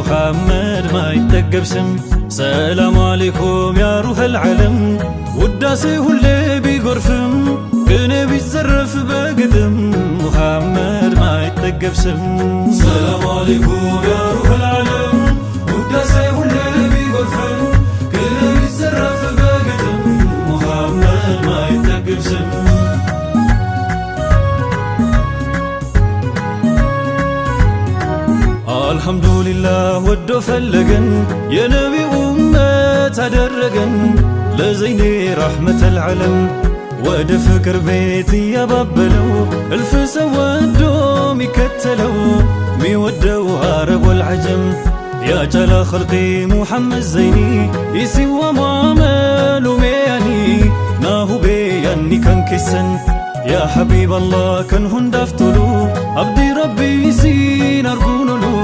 ሙሐመድ ማይጠገብ ስም ሰላም አሌይኩም ያ ሩሃል ዓለም ውዳሴ ሁሌ ቢጎርፍም ቅኔ ቢዘረፍ በግጥም ሙሐመድ ማይጠገብ ስም ሰላም አሌይኩም ያ ዓለም فلقن يا نبي أمة تدرقن لزيني رحمة العلم ود فكر بيتي يا ببلو الفس ودوم يكتلو مي ودو عرب والعجم يا جلا خلقي محمد زيني يسوى ما مالو مياني ناهو بياني كان كسن يا حبيب الله كان هندفتلو عبدي ربي سين أرقونلو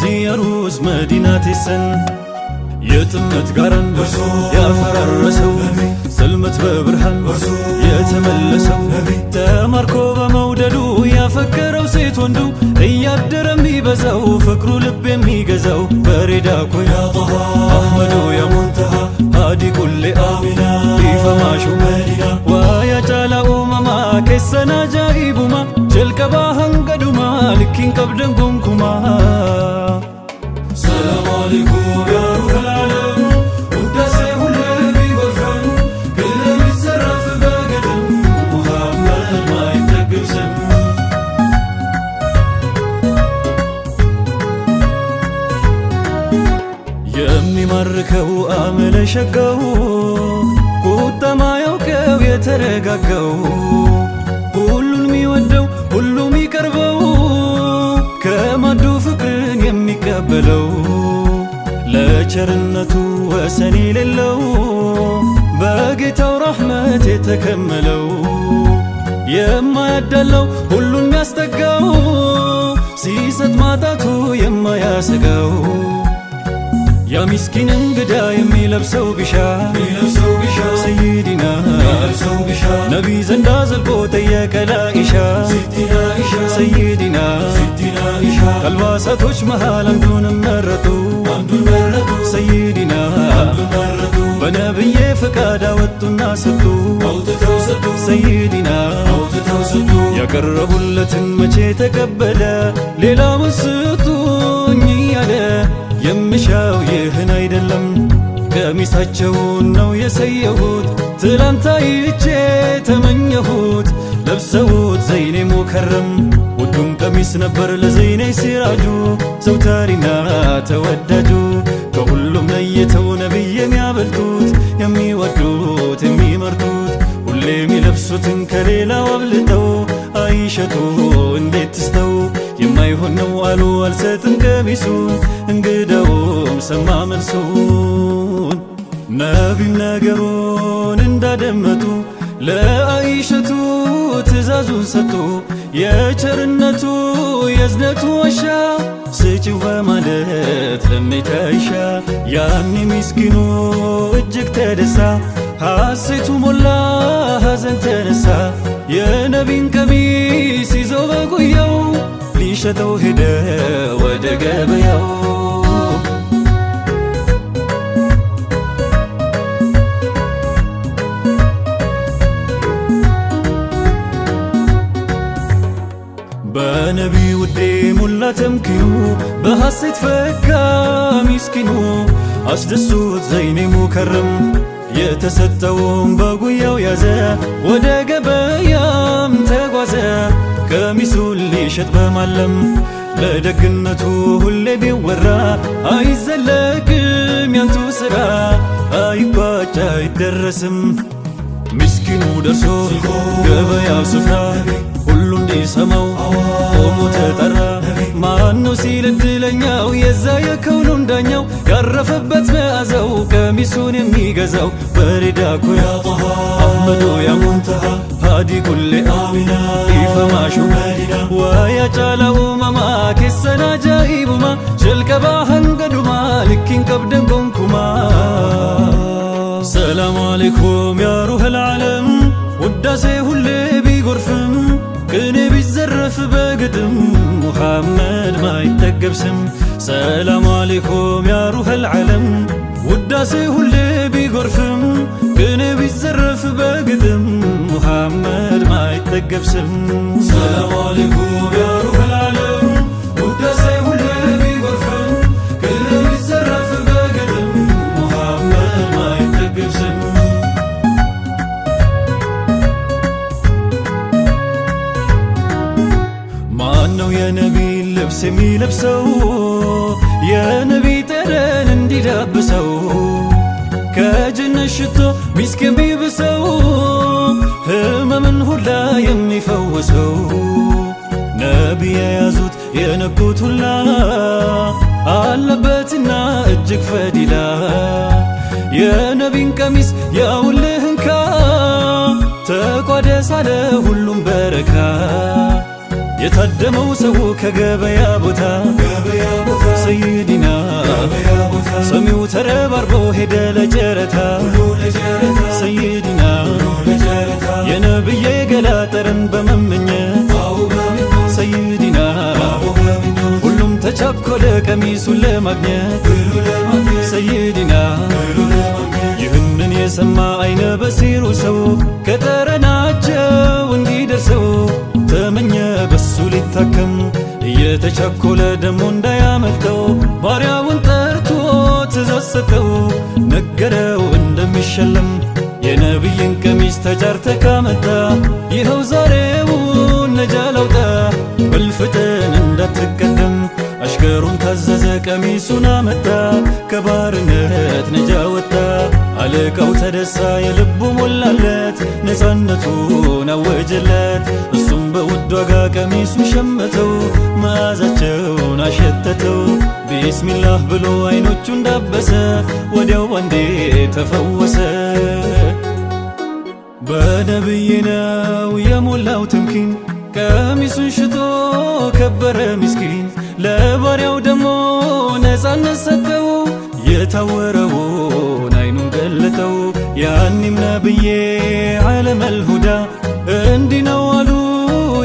ዚያሩስ መዲናቴ ስን የጥመት ጋራን ያፈራረሰው ስልመት በብርሃን የተመለሰው ተማርኮ በመውደዱ ያፈቀረው ሴት ወንዱ እያደረ የሚበዛው ፍቅሩ ልብ የሚገዛው በሬዳ ኮያ አህመዶ ያሙንተሃ አዲ ቁሌ አሚና ቢፈማሹ መዲና ዋያ ጫላ ኡመማ ኬሰና ጃኢቡማ ጀልቀባ hangaduma likkin qabdan gonkumaa የሚማርከው አመለ ሸጋው ቁጣ ማያውቀው የተረጋጋው ሁሉን የሚወደው ሁሉም ይቀርበው ከማዱ ፍቅርን የሚቀበለው ለቸርነቱ ወሰን የሌለው በጌታው ረሕመት የተከመለው የማያዳለው ሁሉን የሚያስጠጋው ሲሰጥ ማጣቱ የማያሰጋው ያ ምስኪን እንግዳ የሚለብሰው ቢሻ ነቢ ዘንዳ ዘልቆ ጠየቀ ላኢሻ ሰይዲና ከአልባሳቶች መሃል አንዱን መረጡ ሰይዲና በነብዬ ፍቃድ አወጡና ሰጡ ሰይዲና ያቀረቡለትን መቼ ተቀበለ ሌላ ወስጡኝ እያለ የምሻው ይህን አይደለም ቀሚሳቸውን ነው የሰየሁት ትላንት አይቼ ተመኘሁት ለብሰውት ዘይኔ ሞከርም! ውዱም ቀሚስ ነበር ለዘይኔ ሲራጁ ዘውታሪና ተወዳጁ ከሁሉም ለየተው ነቢይ የሚያበልጡት የሚወዱት የሚመርጡት ሁሌ የሚለብሱትን ከሌላው አብልጠው አይሸቱ እንዴት ትስተው የማይሆን ነው አሉ አልሰጥም ቀሚሱ እንግዳውም ሰማ መልሱ ነቢዩ ነገሩን እንዳደመጡ ለአይሸቱ ትእዛዙን ሰጡ። የቸርነቱ የዝነቱ ዋሻ ስጪው በማለት ለምኔት አይሻ ያኔ ምስኪኑ እጅግ ተደሳ፣ ሐሴቱ ሞላ ሐዘን ተነሳ። የነቢን ቀሚስ ይዘው በጉያው ሊሸጠው ሄደ ወደ ገበያው ተምኪዩ በሐሴት ፈካ ሚስኪኑ አስደሱት ዘይኔ ሙከርም የተሰጠውን በጉያው ያዘ ወደ ገበያም ተጓዘ ቀሚሱን ሊሸጥ በማለም ለደግነቱ ሁሌ ቢወራ አይዘለቅም ያንቱ ሥራ አይቋጭ አይደረስም ምስኪኑ ደርሶ ገበያው ስፍራ ሁሉ እንዲሰማው ቆሞ ማኑ ሲል እድለኛው የዛ የከውኑን ዳኛው ያረፈበት መያዘው ቀሚሱን የሚገዛው በሪዳኩ ያ ጣሃ አህመዱ ያ ሙንተሃ ሃዲ ኩሌ አሚና ኢፈማሹ መዲና ወያ ጫላ ኡመማ ኬሰና ጃኢቡማ ጀልቀባ ሀንገዱማ ልኪን ቀብደን ጎንኩማ ሰላሙ አለይኩም ያ ሩህል ዓለም ውዳሴ ሁሌ ቢጎርፍም ቅኔ ቢዘረፍ በግጥም محمد ما يتقب سم سلام عليكم يا روح العلم وداسي هولي بيقرفم كني بيزرف باقدم محمد ما يتقب سم سلام عليكم يا روح العلم የሚለብሰው የነቢይ ጠረን እንዲዳብሰው ከጀነት ሽቶ ሚስክ የሚብሰው ህመምን ሁላ የሚፈውሰው ነቢ የያዙት የነኩት ሁላ አለበትና እጅግ ፈዲላ የነቢን ቀሚስ ያውልህንካ ተቋደስ አለ ሁሉም በረካ የታደመው ሰው ከገበያ ቦታ ሰይድና ሰሚው ተረባርቦ ሄደ ለጨረታ ሰይድና የነብዬ ገላ ጠረን በመመኘት ሰይድና ሁሉም ተቻኮለ ቀሚሱን ለማግኘት ሰይድና የሰማ አይነ በሲሩ ሰው ከጠረናቸው እንዲደርሰው ተመኘ በሱ ሊታከም እየተቸኮለ ደሞ እንዳያመልጠው ባሪያውን ጠርቶ ትእዛዝ ሰጠው ነገረው እንደሚሸለም የነቢይን ቀሚስ ተጃርተህ ካመጣ ይኸው ዛሬውን ነጃ ለውጣ ብልፍጥን እንዳትቀደም አሽከሩን ታዘዘ ቀሚሱን አመጣ ከባርነት ነጃ ወጣ አለቃው ተደሳ የልቡ ሞላለት ነፃነቱን አወጀለት እሱም በውድ ዋጋ ቀሚሱ ሸመተው መዓዛቸውን አሸተተው ቢስሚላህ ብሎ አይኖቹን ዳበሰ ወዲያው አንዴ ተፈወሰ በነብይ ነው የሞላው ትምኪን ቀሚሱን ሽቶ ከበረ ምስኪን ለባሪያው ደግሞ ነፃነት ሰጠው የታወረውን ያኒም ነብዬ ዓለመልሁዳ እንዲህ ነው አሉ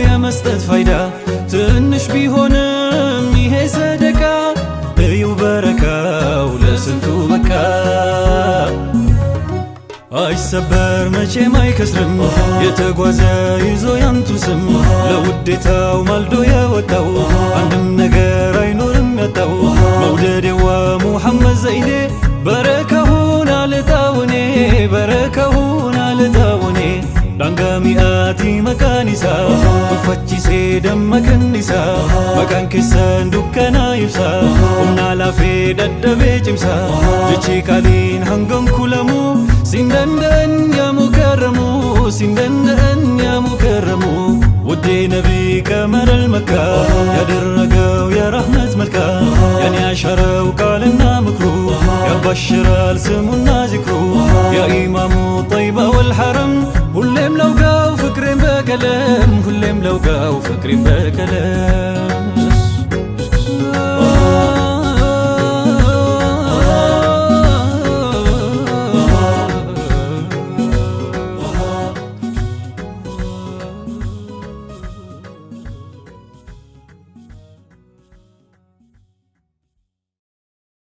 የመስጠት ፋይዳ ትንሽ ቢሆንም ይሄ ሰደቃ እዩ በረካው ለስንቱ በቃ አይሰበር መቼም አይከስርም የተጓዘ ይዞ ያንቱ ስም ለውዴታው ማልዶ የወጣው አንድም ነገር አይኖርም ያጣው መውደዴዋ ሙሐመድ ዘይዴ በረካ barakahuun haala Dhangaa mi'aatii maqaan isaa Tuffachiisee damma kennisa Maqaan keessaan dukkanaa ibsa Humnaa lafee dadhabee cimsa Jechi qaaliin hangam kulamuu Sin danda'an yaa mukarramuu Sin danda'an yaa mukarramuu Waddee nabii kamaral makkaa Yaa derragaw yaa rahmat malkaa Yaa ni asharaa عشرة لسم الناجكو يا إمام طيبة والحرم كل ملوقا وفكرين بكلام كل ملوقا وفكرين بكلام